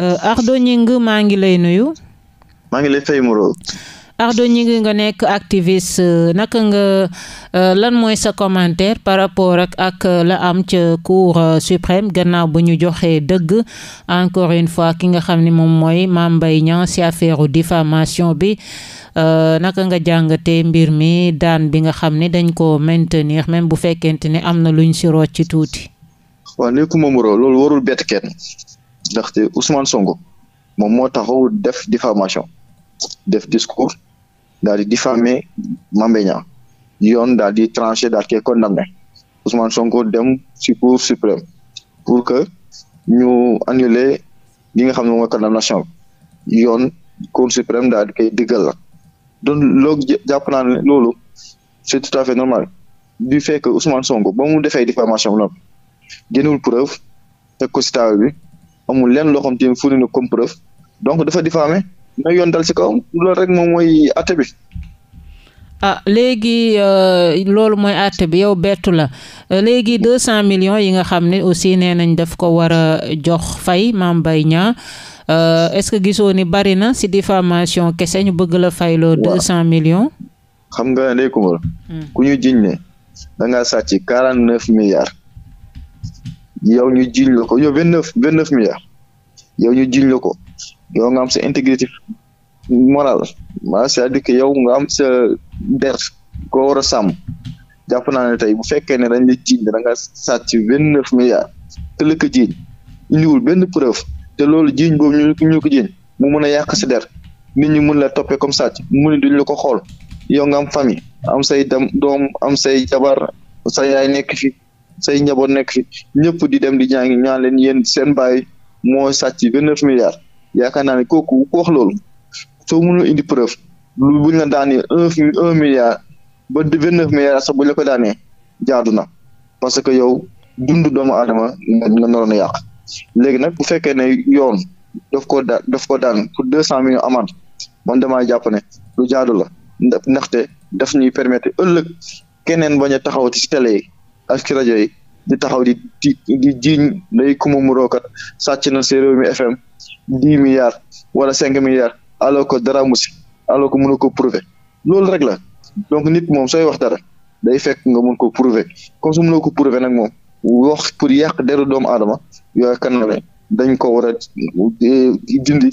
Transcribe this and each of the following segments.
Euh, Ardo Gningue maa ngi lay nuyu. maa ngi lay fay Moreau. Ardo ñing nga nekk activiste naka nga euh, lan mooy sa commentaire par rapport ak ak euh, la am ca cour suprême gannaaw bu ñu joxee dëgg encore une fois ki nga xam ni moom mooy maam Mbaye Niang ci affaire diffamation bi naka nga jàngatee mbir mi daan bi nga xam ne dañ ko maintenir même bu fekkente ni am na luñ ci rocc ci tuuti. waaw nekkuma Moreau loolu warul bett kenn ndaxte Ousmane Sonko moom moo taxaw def diffamation def discours daal di diffamer Mame Mbaye Niang yoon daal di tranché daal koy condamné Ousmane Sonko dem ci cour suprême pour que ñu annuler li nga xam ne mooy condamnation bi yoon cour suprême daal di koy diggal la donc loolu jàpp naa ne loolu c'est tout à fait normal du fait que Ousmane Sonko ba mu defee diffamation bi preuve teg ko bi amul leen loo xam te fourni na comme preuve donc dafa diffamé na yoon dal ci kawam loolu rek moom mooy àtte bi. ah léegi euh, loolu mooy àtte bi yow bettu la euh, léegi deux cent millions yi nga xam ne aussi nee nañ daf ko war a jox fay Mame Mbaye Niang euh, est-ce que gisoo ni bari na ci diffamation kese ñu bëgg la fay loo deux cent millions. xam nga Ndeye hmm. ku ñu jiñ ne da milliards. yow ñu jiñ la ko yow vingt neuf vingt neuf milliards yow ñu jiñ la ko yow nga am sa intégrité morale ma cest à nga am sa der koo war a sàmm jàpp naa ne tey bu fekkee ne dañ la jiñ da nga sàcc vingt neuf milliards te la jiñ indiwul benn preuve te loolu jiñ boobu ñu ñu ko jiñ mu mën a yàq si der nit ñi mën la toppee comme sàcc mu ne duñ la ko xool yow nga am famille am say dem doom am say jabar sa yaay nekk fi say njaboot nekk fi ñëpp di dem di jàngi ñaan leen yéen seen bàyyi moo sàcc vingt neuf milliards yaakaar naa ne kooku ku wax loolu soo mënul indi preuve lu buñ la daanee un un milliard ba vingt neuf milliards sax buñ la ko daanee jaadu na parce que yow dundu doomu aadama nga naroon a yàq léegi nag bu fekkee ne yoon daf ko daan daf ko daan pour deux cent millions amende man damaa jàpp ne lu jaadu la ndaxte daf ñuy permettre ëllëg keneen bañ a taxawati ci télé yi ak ci rajo yi di taxaw di di di jiiñ day kuma muróokat sàcc na si réew FM dix milliards wala cinq milliards alors que dara musi alors que mënu ko prouver loolu rek la donc nit moom sooy wax dara day fekk nga mun ko prouver comme su mënoo ko prouver nag moom wax pour yàq deru doomu aadama yooyu kan la dañ ko war a eh, dindi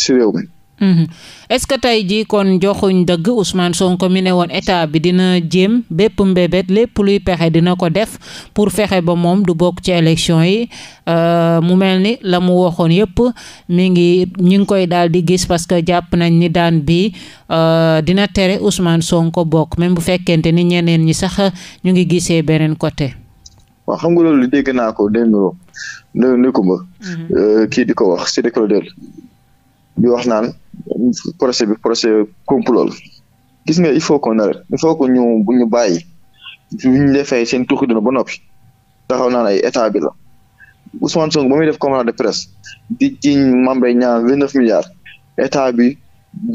si réew Mhm. est-ce que tey jii kon joxuñ dëgg Ousmane Sonko mi ne woon état bi dina jéem bépp mbébét lépp luy pexe dina ko def pour fexe ba moom du bokk ci élection yi euh, mu mel ni la mu waxoon yëpp mi ngi ñu ngi koy daal di gis parce que jàpp nañ ni daan bi euh, dina tere Ousmane Sonko bokk même bu fekkente ni ñeneen ñi sax ñu ngi gisee beneen côté. waaw xam nga loolu dégg naa ko dégg nga loolu. kii di ko wax si di ko di wax naan. procès bi procès complot gis nga il faut qu'on arrête il faut que ñu bu ñu bàyyi ñu defee seen tuuxi dina ba noppi taxaw naan ay état bi la Ousmane Sonko ba muy def conférence de presse di jiñ Mame Mbaye Niang vingt neuf milliards état bi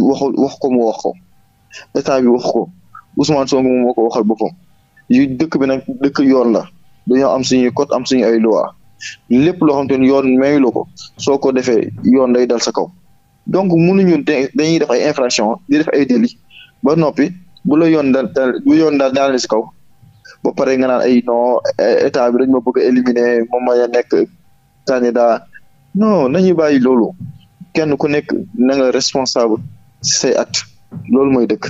waxul wax ko mu wax ko état bi wax ko Ousmane Sonko moom moo waxal boppam yu dëkk bi nag dëkk yoon la dañoo am suñuy code am suñu ay loi lépp loo xam te yoon maylu ko soo ko defee yoon day dal sa kaw donc mënuñu dañuy def ay infraction di def ay délit ba noppi bu la yoon daal bu yoon daal daal si kaw ba pare nga naan ay non e, état bi dañ ma bëgg a éliminer moom ma nekk candidat non nañu bàyyi loolu kenn ku nekk na nga responsable ci at loolu mooy dëkk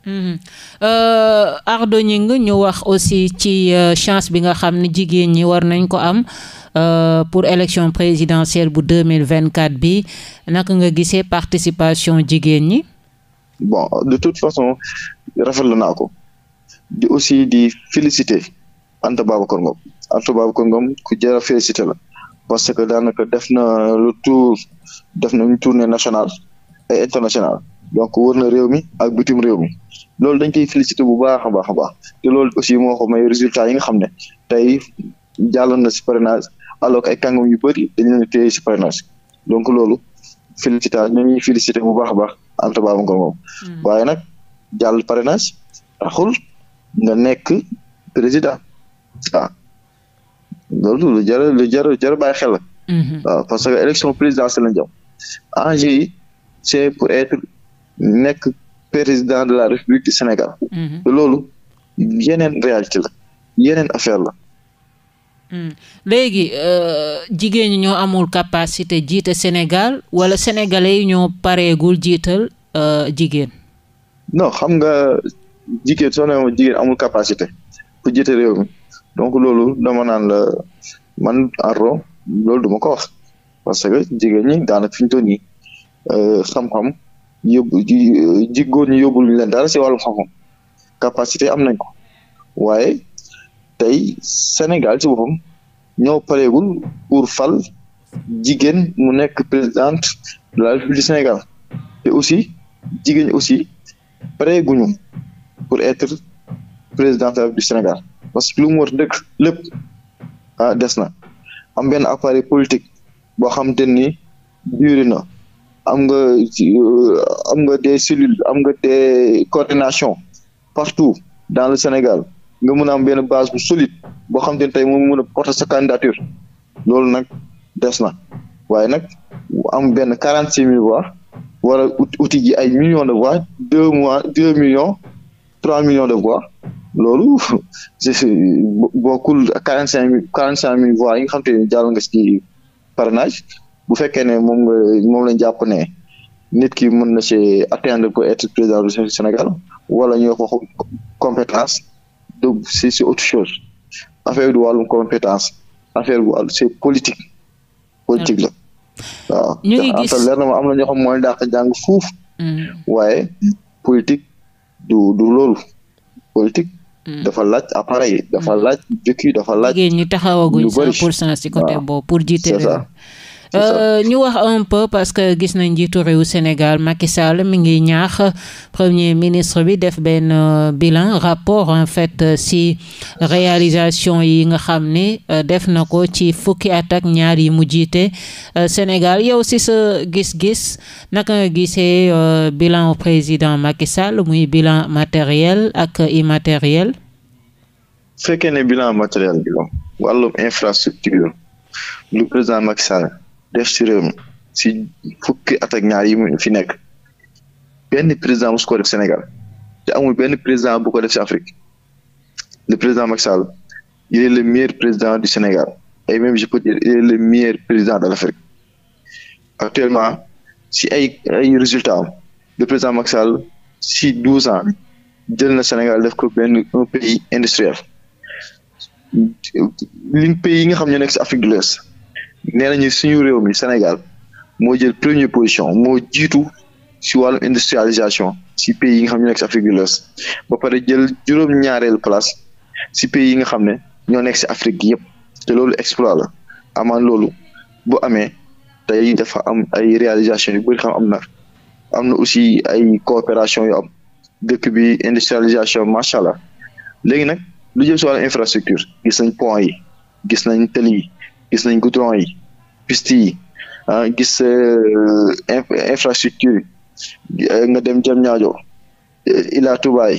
Mhm. Euh, Ardo Gningue ñu wax aussi ci euh, chance bi nga xam ne jigéen ñi war nañ ko am euh, pour élection présidentielle bu deux mille vingt quatre bi naka nga gisee participation jigéen ñi. bon de toute façon rafetlu naa ko di aussi di féliciter Anta Babacar Ngom Anta Babacar Ngom ku jar a féliciter la parce que daanaka def na le tour def nañu tournée nationale et internationale. donc wër na réew mi ak bitim réew mi loolu dañ koy félicité bu ba a baax a baax te loolu aussi moo ko may résultat yi nga xam ne tey jàlloon na si parrainage alors que ay kàngam yu bëri dañu leen téye si parrainage donc loolu félicitation ñu ngi félicité bu ba a baax Anta Baba Ngom moom waaye nag jàll parrainage taxul nga nekk président waaw loolu lu jar lu jar jar bàyyi xel la hmm. waaw parce que élection présidentielle lañ jëm enjeu yi c'est pour être nekk président de la république du Sénégal. Mhm. loolu yeneen réalité la yeneen affaire la. Mhm. léegi euh, jigéen ñi ñoo amul capacité jiite Sénégal wala sénégalais yi ñoo pareegul jiital euh, jigéen. non xam nga jigéen soo nee amul capacité pour jiite réew donc loolu dama naan la man en loolu duma ko wax parce que jigéen ñi daanaka fi ñu nii euh, xam-xam. yóbbu ji góor ñi yóbbul ñu leen dara si wàllum xam capacité am nañ ko waaye tey Sénégal si boppam ñoo pareegul pour fal jigéen mu nekk présidente de la République du Sénégal te aussi jigéen aussi pareeguñu pour être président de la République du Sénégal parce que lu mu war dëkk lépp ah des na am benn appareil politique boo xam te ni duré na. am nga euh, am nga des cellules am nga des coordination partout dans le Sénégal nga mën a am benn base bu solide boo xam te ne tey moom mën a porter sa candidature loolu nag des na waaye nag am benn quarante six mille voix wala outil ji ay million de voix deux mois deux million trois millions de voix loolu bokkul quarante cinq mille quarante cinq mille voix yi nga xam te ne jàll nga ci parrainage bu fekkee ne moom nga moom lañ jàpp ne nit ki mën na ci atteindre pour être président du Sénégal wala ñu wax waxu compétence du si autre chose affaire du wàllum compétence affaire bu c'est politique politique la waaw gis am na ñoo xam mooy dàq jàng fuuf mm. waaye politique du loolu politique mm. dafa laaj appareil dafa mm. laaj jukki dafa laaj jigéen ñi taxawaguñ cent pour cent si côté pour jiite Euh, ñu wax un parce que gis nañ njiitu réew Sénégal makisal mi ngi ñaax premier ministre bi def benn euh, bilan rapport en fait euh, si réalisation yi nga xam ni def na ko ci fukki at ak ñaar yi mu jiite Sénégal yow si sa gis-gis naka nga gisee bilan président Macky Sall muy bilan matériel ak immatériel. fekkee ne bilan matériel bi la infrastructure lu président Macky def si réew si fukki at ak ñaar yi fi nekk benn président musu def Sénégal te amul benn président bu ko def ci Afrique le président Macky Sall le meilleur président du Sénégal et même je peux dire il est le meilleur président de l'Afrique actuellement si ay résultat résultats am le président Macky si douze ans jël na Sénégal def ko benn un pays industriel liñ pays yi nga xam ñoo nekk si Afrique de l'Ouest nee nañu suñu réew mi Sénégal moo jël première position moo jiitu si wàllu industrialisation si pays yi nga xam ne ñu nekk si ba pare jël juróom place si yi nga xam ne ñoo nekk si Afrique yëpp te loolu exploit la amaan loolu bu amee tey dafa am ay réalisation yu bëri xam am na am na aussi ay coopération yu am dëkk bi industrialisation macha allah léegi nag lu jël si wàllu infrastructure gis nañ pont yi gis nañ tëli gis nañ goudron yi piste yi ah gis euh, infrastructure euh, nga dem jam ñaajo euh, ila tubaay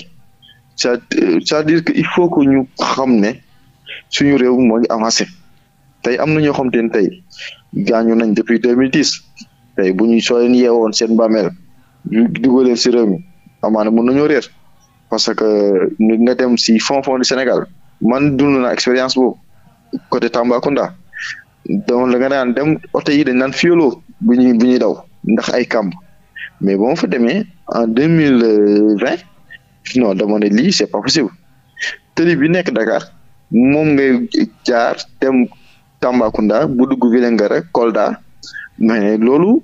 c'est-à-dire que il faut que ñu xam ne suñu réew moo ngi avancé tey am na ñoo xam ne tey gaañu nañ depuis deux mille dix tey bu ñu soo leen yeewoon seen bàmmeel dugaleen si réew mi amaana mën nañoo réer parce que nga dem si fond fond du Sénégal man dund na expérience boobu côté Tambacounda donc da nga daan dem oto yi dañ naan fioloo bu ñuy bu ñuy daw ndax ay kàmb mais ba ma fa demee en deux mille vingt no dama li lii c'est pas possible tëli bi nekk Dakar moom ngay jaar dem Tambacounda bu dugg Vélingara Kolda mais loolu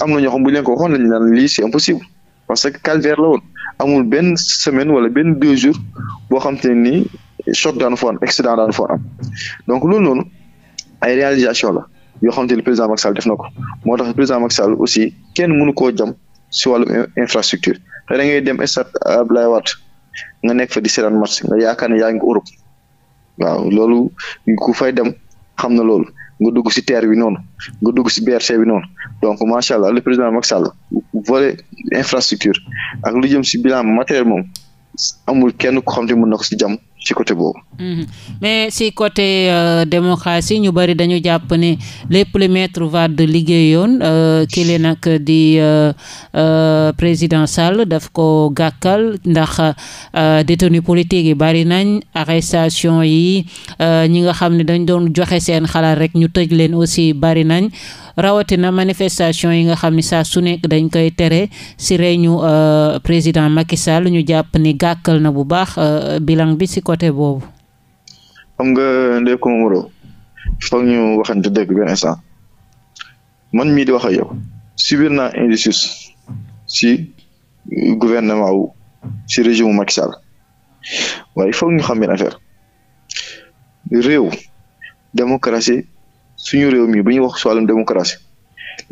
am na ñoo xam bu ñu leen ko waxoon lañu naan lii c'est impossible parce que calvaire la amul benn semaine wala benn deux jours boo xam te ne nii choc daan foon accident daan foon am donc loolu ay réalisation la yoo xamante ni président Macky Sall def na ko moo tax président Macky Sall aussi kenn mënu koo jam si wàllum infrastructure xëy ngay dem stade Abdoulaye Wade nga nekk fa di seetaan match nga yaakaar ne yaa ngi Europe waaw loolu ku fay dem xam na loolu nga dugg si teer bi noonu nga dugg si BRT bi noonu donc macha allah le président Macky Sall volet infrastructure ak lu jëm si bilan matériel moom amul kenn ko xam te mën na ko si jam ci côté boobu. Mhm. mais si côté euh, démocratie ñu bari dañu jàpp ne lépp lu maître Wade liggéeyoon euh, kile nag di euh, euh, président Sall daf ko gàkkal ndax euh, détenu politique yi bari nañ arrestation yi ñi nga xam ne dañ doon joxe seen xalaat rek ñu tëj leen aussi bari nañ rawatina manifestation yi nga xam ni saa su nekk dañ koy tere si reñu président Macky Sall ñu jàpp ni gàkkal na bu baax euh, bilan bi si côté boobu. xam nga Ndeye Comoro foog ñu waxante dëgg benn instant man mii di wax ak yow subir naa injustice si gouvernement wu si régime mu Macky waaye foog ñu xam benn affaire réew démocratie. suñu réew mi bu ñuy wax si wàllum démocratie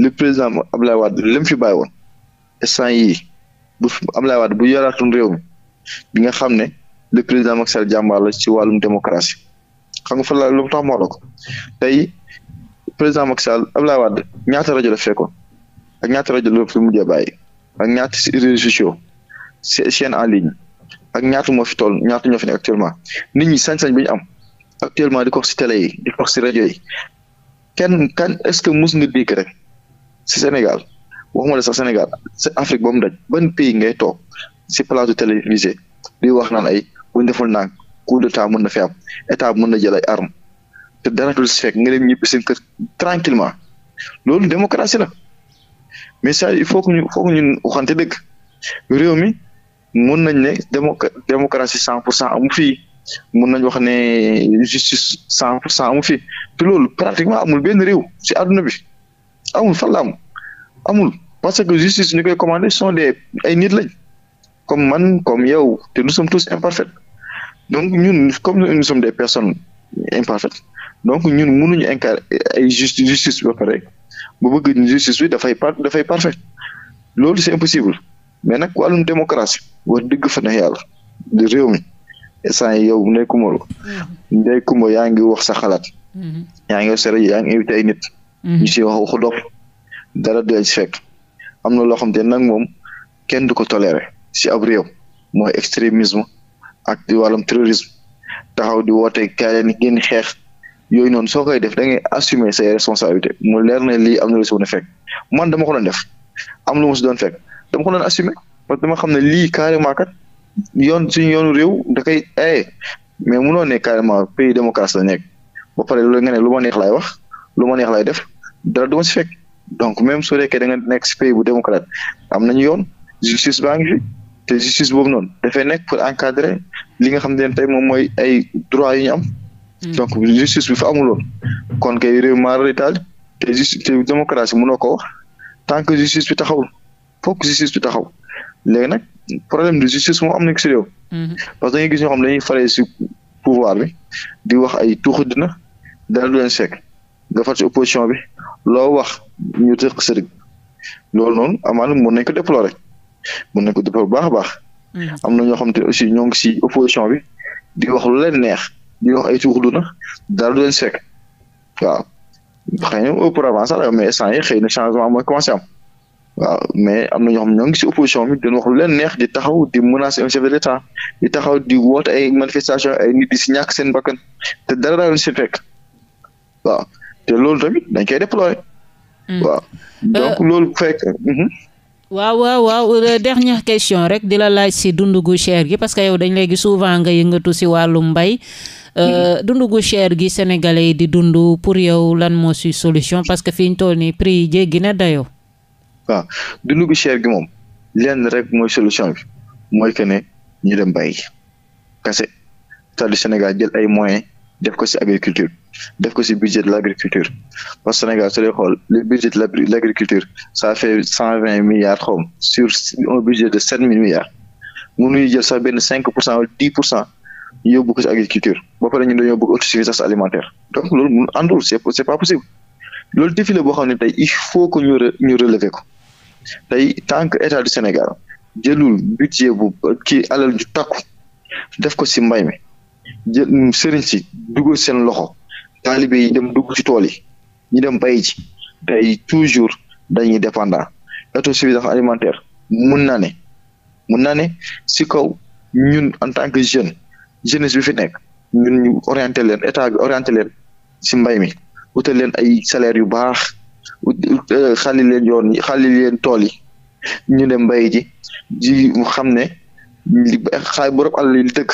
le président Ablaye Wade li fi bàyyi woon instant yi bu Ablaye Wade bu yaratum réew mi bi nga xam ne le président Macky Sall jàmbaar la ci wàllum démocratie xam nga fa la lu tax moo la ko tey président Macky Sall Ablaye ñaata rajo la fekkoon ak ñaata rajo la fi mujjee bàyyi ak ñaata réseaux sociaux chaîne en ligne ak ñaata moo fi toll ñaata ñoo fi ne actuellement nit ñi sañ-sañ bi ñu am actuellement di ko wax si télé yi di ko wax si rajo yi kenn kan est-ce que mus nga dégg rek si Sénégal waxuma la sax Sénégal Afrique ba mu daj ban pays ngay toog si plateau télévisé di wax naan ay buñ deful naan coup d'état mën na fi am état mën na jël ay te dara du si fekk nga dem ñibbi seen kër tranquillement loolu démocratie na mais ça il faut que ñu faut ñu waxante dëgg réew mi mën nañ ne démocratie cent pour cent amu fii mun nañ wax ne justice cent pour cent amu fi te loolu pratiquement amul benn réew si àdduna bi amul fan am amul parce que justice ni koy commandé son des ay nit lañ comme man comme yow te nous sommes tous imparfaits donc ñun comme nous sommes des personnes imparfaites donc ñun mënuñu incarner ay justice justice ba pare ba bëgg justice bi dafay par dafay parfait loolu c'est impossible mais nag wàllum démocratie war dëgg fa ne yàlla réew mi sant yow Ndeye Coumba mm-hmm. Ndeye Coumba yaa ngi wax sa xalaat mm-hmm. yaa ngi sere yaa ngi invité ay nit mm-hmm. ñu dara du ci am na loo xam te nag moom kenn du ko toléré si ab réew mooy extrémisme ak di wàllum taxaw di woote ka leen génn xeex yooyu noon soo koy def da ngay assumer say responsabilité mu leer na lii am na lu si mën a dama ko doon def am lu mu si doon fekk dama ko doon assumer parce que dama xam ne lii carrément kat yoon suñu yoonu réew da koy aye mais munoo ne carrément pays démocratie la nekk ba pare loolu nga ne lu neex lay wax lu ma neex lay def dara du ma donc même su nekkee da nga nekk si pays bu démocrate am nañu yoon justice baa ngi te justice boobu noonu dafay nekk pour encadrer li nga xam ne tey moom mooy ay droit yu ñu am. Hmm. donc justice bi fa amuloon kon kay réew maa rëddaal te justice te démocratie munoo ko wax tant que justice bi taxawul fokk justice bi taxaw léegi nag. problème de justice moom am na ci réew. Mhm. parce que dañuy gis di wax ay tuuxu dina dara du leen sekk nga bi loo wax ñu tëq sëriñ loolu noonu amaana mën nañ ko déplorer a baax. Mhm. am na ñoo xam te ñoo ngi ci opposition bi di wax lu neex di wax ay tuuxu dina dara du leen sekk waaw xëy na na changement mooy commencé am. waaw mais am na ñoo xam ñoo ngi si opposition bi dañu leen neex di taxaw di menacer un chef de l'État taxaw di woote ay manifestation ay nit di si ñàkk seen bakkan te dara daa si fekk waaw te loolu tamit dañ koy déployer. Hmm. waaw euh, donc loolu fekk. Mhm. waaw waaw waaw euh, question rek di la laaj si dund gu cher gi parce que yow dañ léegi souvent nga yëngatu si wàllu mbay. Euh, hmm. dund gu cher gi sénégalais yi di dund pour yow lan moo si solution parce que fi ñu toll nii prix yi jéggi na dayoo. waaw dund gu cher gi moom lenn rek mooy solution bi mooy que ne ñu dem bàyyi kase état du Sénégal jël ay moyens def ko ci agriculture def ko ci budget de l'agriculture parce que Sénégal su dee xool le budget de l'agriculture ça fait cent vingt milliards xawma sur un budget de sept mille milliards mënuñu jël sax benn cinq pour cent wala dix pour cent ñu yóbbu ko ci agriculture ba pare ñu dañoo bëgg autosuffisance alimentaire donc loolu mun àndul c'est c'est pas possible loolu défi la boo xam ne tey il faut que ñu ñu relever ko tey tan que état du Sénégal jëlul budget bu kii alal ju takku def ko si mbay mi jël sëriñ si dugal seen loxo taalibe yi dem dugg ci tool yi ñu dem bay ji tey toujours dañuy dépendant autosuffisance alimentaire mun naa ne mun naa ne si kaw ñun en tant que jeune jeunesse bi fi nekk ñun ñu orienté leen état bi orienté leen si mbay mi utal leen salaire yu baax xali leen yoon yi xali leen tool yi ñu dem mbay ji ji xam ne xaay borom àll yi dëkk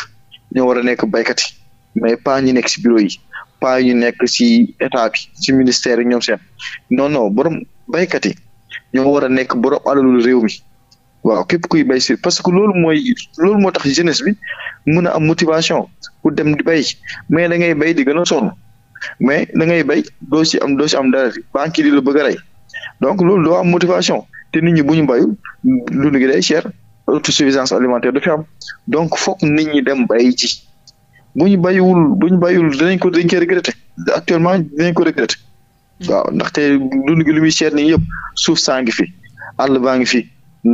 ñoo war a nekk baykat yi mais pas ñu nekk si bureau yi pas ñu nekk si état bi si ministère yi ñoom seen non non borom baykat yi ñoo war a nekk borom àlalul réew mi waaw képp kuy bay si parce que loolu mooy loolu moo tax jeunesse bi mën a am motivation pour dem di bay mais da ngay bay di gën a sonn mais da ngay béy doo si am doo si am dara banque yi di la bëgg a rey donc loolu doo motivation te nit ñi bu ñu béyu dund gi day cher autosuffisance alimentaire du fi am donc foog nit ñi dem bay ji bu ñu béyiwul bu ñu béyiwul dinañ ko dañ koy regretter actuellement dinañ ko regretter hmm. waaw ndaxte dund gi lu muy cher nii yëpp suuf saa ngi fi àll baa ngi fi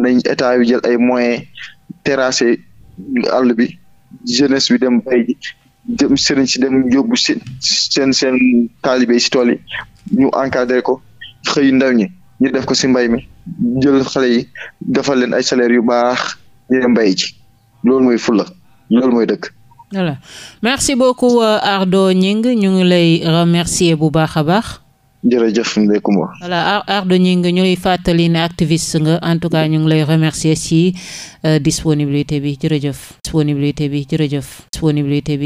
nañ état yu jël ay moyens terrasser àll bi jeunesse bi dem bay dem sëriñ si dem yóbbu si seen seen si tool yi ñu encadré ko xëy def ko si mbay mi xale yi defal leen ay salaire yu baax mbay loolu mooy fulla loolu mooy dëkk. voilà merci beaucoup euh, Ardo Gningue ñu ngi lay remercier bu baax a baax. jërëjëf Ndeye Comba. voilà Ardo Gningue ñuy fàttali ne activiste nga en tout cas ñu ngi lay remercier si euh, disponibilité bi jërëjëf. disponibilité bi jërëjëf. disponibilité bi.